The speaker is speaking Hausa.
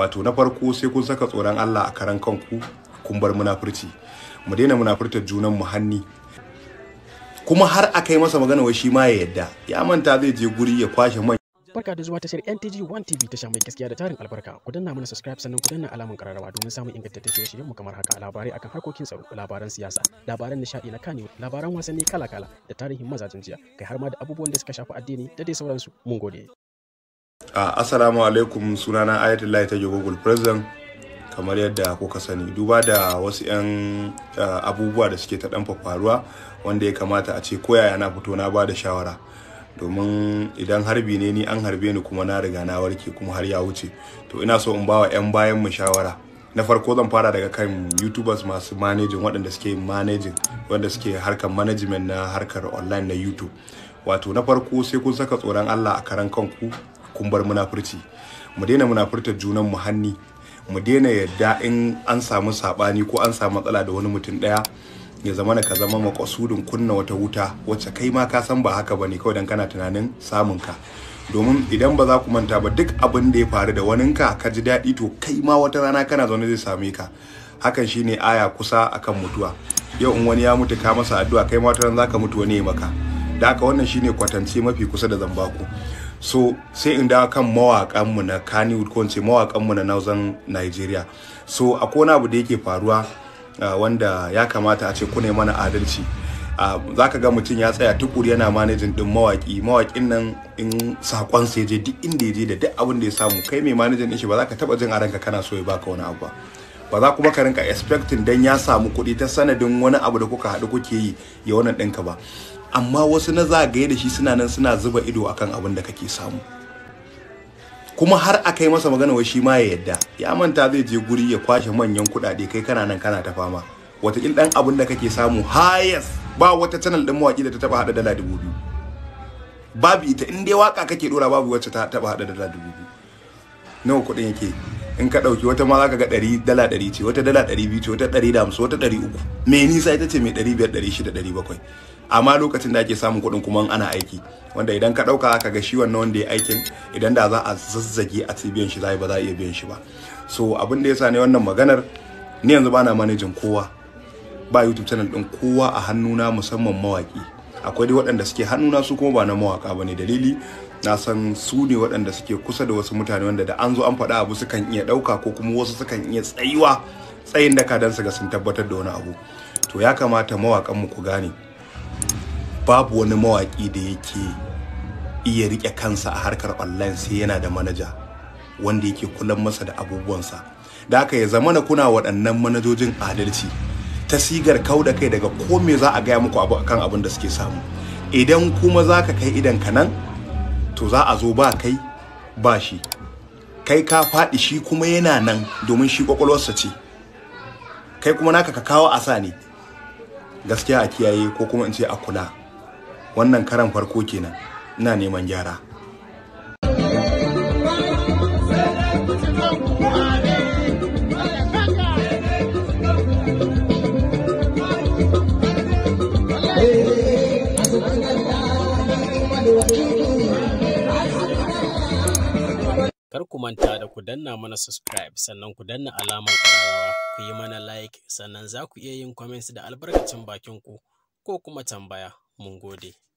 wato na farko sai kun saka tsoron Allah a karan kanku kun bar munafurci mu daina munafurtar junan mu hanni kuma har a kai masa magana wai shi ma ya yadda ya manta zai je guri ya kwashe man barka da zuwa tashar NTG 1 TV ta mai gaskiya da tarin albarka ku danna mana subscribe sannan ku danna alamun kararrawa domin samun ingantaccen shirye-shiryen mu kamar haka labarai akan harkokin tsaro labaran siyasa labaran nishadi na kanewa labaran wasanni kala-kala da tarihin mazajen jiya kai har ma da abubuwan da suka shafi addini da dai sauransu mun gode Uh, assalamu alaikum sunana ayatullahi ta google president kamar yadda kuka sani duba da wasu 'yan uh, abubuwa da suke ta dan faruwa wanda ya kamata a ce koya yana fito na ba da shawara domin idan harbi ne ni an harbe ni kuma na riga na warke kuma har ya wuce to ina so in bawa 'yan bayan mu shawara na farko zan fara daga kan youtubers masu managing waɗanda suke managing wanda suke harkar management na harkar online na youtube wato na farko sai kun saka tsoron allah a karan kanku kun bar munafurci mu daina munafurtar junan mu hanni mu daina yadda in an samu sabani ko an samu matsala da wani mutum daya ya zama ka zama makasudin kunna wata wuta wacce kai ma ka san ba haka bane kawai dan kana tunanin samun ka domin idan ba za ku manta ba duk abin da ya faru da waninka ka ka ji daɗi to kai ma wata rana kana zaune zai same ka hakan shine aya kusa akan mutuwa yau in wani ya mutu ka masa addu'a kai ma wata rana zaka mutu wani ya maka da haka wannan shine kwatance mafi kusa da ku. so sai in dawo kan mawaƙanmu na kannywood ko ce mawaƙanmu na northern nigeria so akwai wani abu da yake faruwa wanda ya kamata a ce kuna mana adalci zaka za ka ga mutum ya tsaya tukur yana manajin din mawaki mawakin nan in sakon sai je duk inda ya je da duk abin da ya samu kai mai manajin din shi ba za ka taba jin a ranka kana so ya baka wani abu ba ba za kuma ka rinka expecting dan ya samu kuɗi ta sanadin wani abu da kuka haɗu kuke yi ya wannan ɗinka ba amma wasu na zagaye da shi suna nan suna zuba ido akan abin da kake samu kuma har a kai masa magana wa shi ma ya yadda ya manta zai je guri ya kwashe manyan kuɗaɗe kai kana nan kana ta fama watakil ɗan abin da kake samu hayas ba wata canal ɗin mawaƙi da ta taɓa haɗa dala dubu biyu babu ita in dai waka kake ɗora babu wacce ta taɓa haɗa dala dubu biyu nawa kuɗin yake in ka ɗauki wata ma zaka ka ga ɗari dala ɗari ce wata dala ɗari biyu ce wata ɗari da hamsin wata ɗari uku me nisa ita ce mai ɗari biyar ɗari shida ɗari bakwai amma lokacin da ake samun kuɗin kuma ana aiki wanda idan ka ɗauka ka ga shi wannan wanda ya aikin idan da za a zazzage a ci biyan shi za ba za a iya biyan shi ba so abin da ya sa ne wannan maganar ni yanzu bana manajin kowa ba youtube channel ɗin kowa a hannuna musamman mawaki akwai dai waɗanda suke hannuna su kuma ba na mawaka ba ne dalili na san su ne waɗanda suke kusa da wasu mutane wanda da an zo an faɗa abu sukan iya ɗauka ko kuma wasu sukan iya tsayuwa tsayin daka dan su ga sun tabbatar da wani abu to ya kamata mawakan mu ku gane babu wani mawaƙi da yake iya rike kansa a harkar online sai yana da manaja wanda yake kulan masa da abubuwansa da haka ya zama na kuna waɗannan manajojin adalci ta sigar kau da kai daga ko me za a gaya muku abu akan abin da suke samu idan kuma za ka kai idan ka nan to za a zo ba kai ba shi kai ka faɗi shi kuma yana nan domin shi kwakwalwarsa ce kai kuma naka ka kawo asa ne gaskiya a kiyaye ko kuma in ce a kula wannan karan farko kenan ina neman gyara Kar ku manta da ku danna mana subscribe sannan ku danna alamar ƙararrawa ku yi mana like sannan za ku iya yin comments da albarkacin bakin ku ko kuma tambaya. Mun gode.